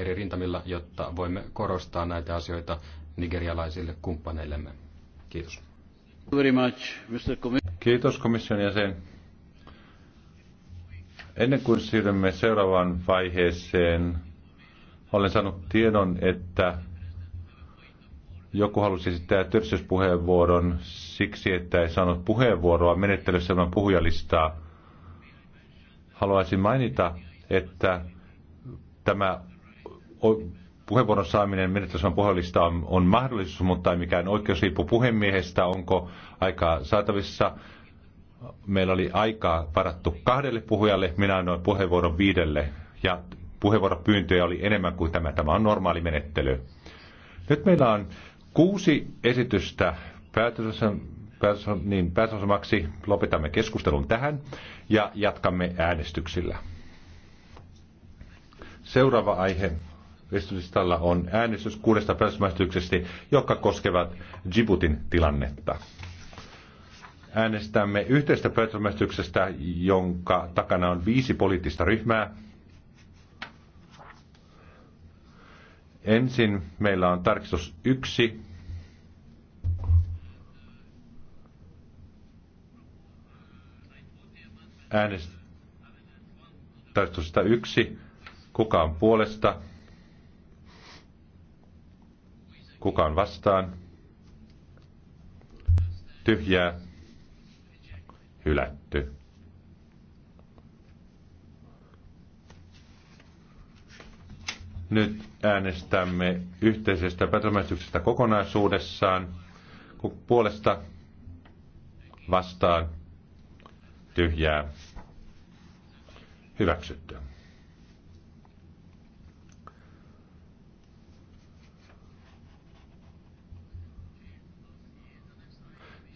eri rintamilla, jotta voimme korostaa näitä asioita nigerialaisille kumppaneillemme. Kiitos. Kiitos komission jäsen. Ennen kuin siirrymme seuraavaan vaiheeseen, olen saanut tiedon, että joku halusi esittää työllisyyspuheenvuoron siksi, että ei saanut puheenvuoroa menettelyssä ilman puhujalistaa. Haluaisin mainita, että tämä puheenvuoron saaminen menettelysvan puhelista on, on mahdollisuus, mutta ei mikään oikeus riippu puhemiehestä, onko aikaa saatavissa. Meillä oli aikaa varattu kahdelle puhujalle, minä annoin puheenvuoron viidelle ja puheenvuoropyyntöjä oli enemmän kuin tämä. Tämä on normaali menettely. Nyt meillä on kuusi esitystä päätös, päätös, niin päätösosamaksi. Lopetamme keskustelun tähän ja jatkamme äänestyksillä. Seuraava aihe Listalla on äänestys kuudesta päätösmäistyksestä, jotka koskevat Djiboutin tilannetta. Äänestämme yhteistä päätösmäistyksestä, jonka takana on viisi poliittista ryhmää. Ensin meillä on tarkistus yksi. Äänestys tarkistusta yksi. Kuka on puolesta? Kuka on vastaan? Tyhjää. Hylätty. Nyt äänestämme yhteisestä päätömästyksestä kokonaisuudessaan. Puolesta vastaan tyhjää hyväksyttyä.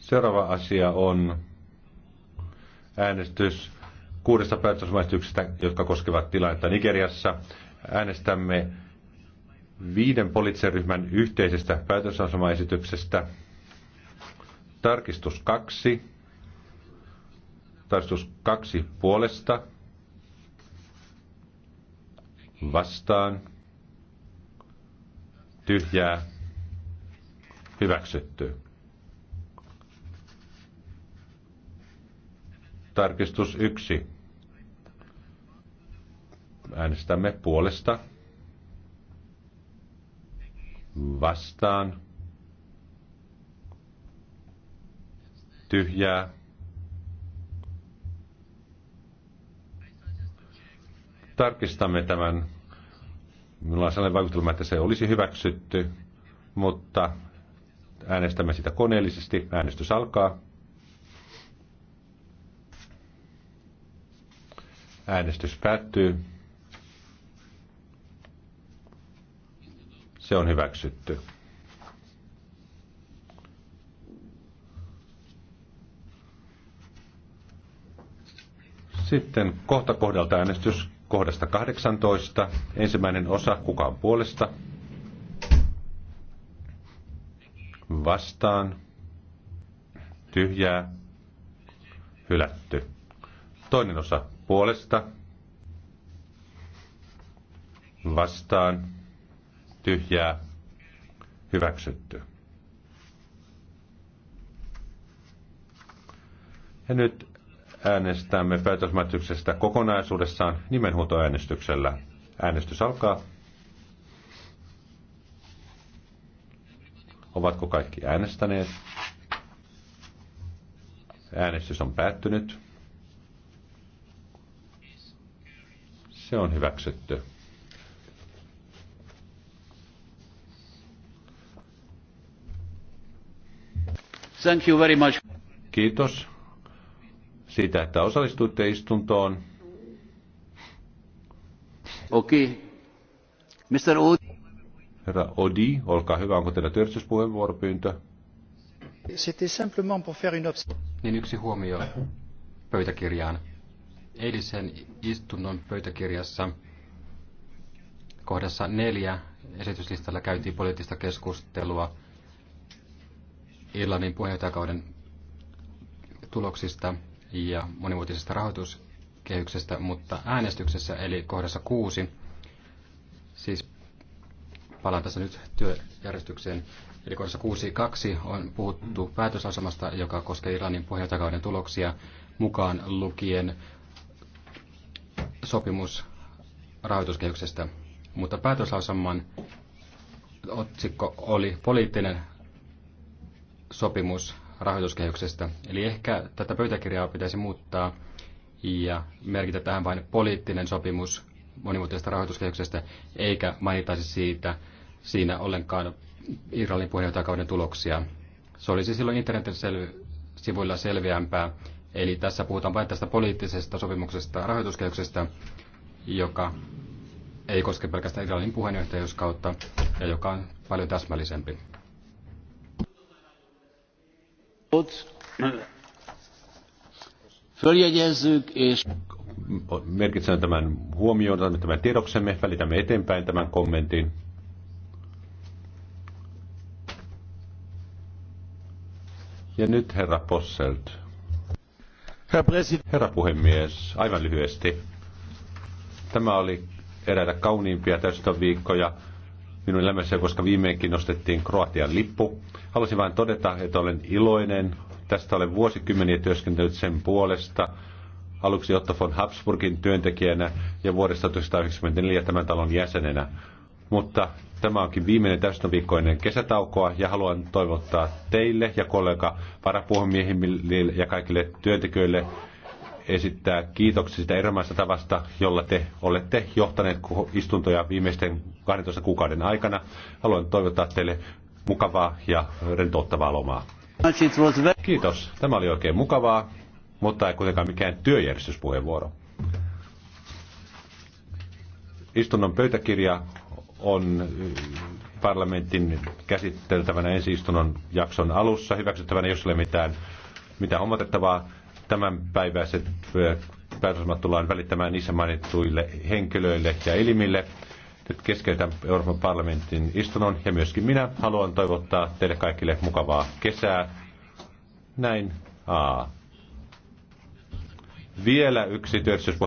Seuraava asia on äänestys kuudesta päätösmaistyksestä, jotka koskevat tilannetta Nigeriassa. Äänestämme viiden poliittisen yhteisestä päätösasemaesityksestä. Tarkistus kaksi. Tarkistus kaksi puolesta. Vastaan. Tyhjää. Hyväksytty. Tarkistus yksi. Äänestämme puolesta. Vastaan. Tyhjää. Tarkistamme tämän. Minulla on sellainen vaikutelma, että se olisi hyväksytty, mutta äänestämme sitä koneellisesti. Äänestys alkaa. Äänestys päättyy. Se on hyväksytty. Sitten kohta kohdalta äänestys kohdasta 18. Ensimmäinen osa, kuka on puolesta? Vastaan. Tyhjää. Hylätty. Toinen osa puolesta vastaan tyhjää hyväksytty. Ja nyt äänestämme päätösmätyksestä kokonaisuudessaan nimenhuutoäänestyksellä. Äänestys alkaa. Ovatko kaikki äänestäneet? Äänestys on päättynyt. Se on hyväksytty. Thank you very much. Kiitos siitä, että osallistuitte istuntoon. Okei. Okay. Mr. Odi. Herra Odi, olkaa hyvä. Onko teillä työllisyyspuheenvuoropyyntö? Niin yksi huomio pöytäkirjaan eilisen istunnon pöytäkirjassa kohdassa neljä esityslistalla käytiin poliittista keskustelua Irlannin puheenjohtajakauden tuloksista ja monivuotisesta rahoituskehyksestä, mutta äänestyksessä eli kohdassa kuusi, siis palaan tässä nyt työjärjestykseen, eli kohdassa kuusi kaksi on puhuttu päätösasemasta, joka koskee Irlannin puheenjohtajakauden tuloksia mukaan lukien sopimus rahoituskehyksestä, mutta päätöslausamman otsikko oli poliittinen sopimus rahoituskehyksestä. Eli ehkä tätä pöytäkirjaa pitäisi muuttaa ja merkitä tähän vain poliittinen sopimus monimuotoisesta rahoituskehyksestä, eikä mainitaisi siitä siinä ollenkaan Irlannin puheenjohtajakauden tuloksia. Se olisi silloin internetin sel- sivuilla selviämpää Eli tässä puhutaan vain tästä poliittisesta sopimuksesta rahoituskehyksestä, joka ei koske pelkästään Israelin puheenjohtajuuskautta ja joka on paljon täsmällisempi. Merkitsen tämän huomioon, otamme tämän tiedoksemme, välitämme eteenpäin tämän kommentin. Ja nyt herra Posselt. Herra puhemies, aivan lyhyesti. Tämä oli eräitä kauniimpia tästä viikkoja minun elämässäni, koska viimeinkin nostettiin Kroatian lippu. Haluaisin vain todeta, että olen iloinen. Tästä olen vuosikymmeniä työskentelyt sen puolesta. Aluksi Otto von Habsburgin työntekijänä ja vuodesta 1994 tämän talon jäsenenä. Mutta Tämä onkin viimeinen täysistuntoviikkoinen kesätaukoa ja haluan toivottaa teille ja kollega varapuhemiehille ja kaikille työntekijöille esittää kiitoksia sitä erilaisesta tavasta, jolla te olette johtaneet istuntoja viimeisten 12 kuukauden aikana. Haluan toivottaa teille mukavaa ja rentouttavaa lomaa. Kiitos. Tämä oli oikein mukavaa, mutta ei kuitenkaan mikään työjärjestyspuheenvuoro. Istunnon pöytäkirja on parlamentin käsiteltävänä ensi istunnon jakson alussa hyväksyttävänä, jos ei ole mitään, mitään omotettavaa. päiväiset päätösmat tullaan välittämään niissä mainittuille henkilöille ja elimille. Nyt keskeytän Euroopan parlamentin istunnon ja myöskin minä haluan toivottaa teille kaikille mukavaa kesää. Näin. Aa. Vielä yksi työllisyys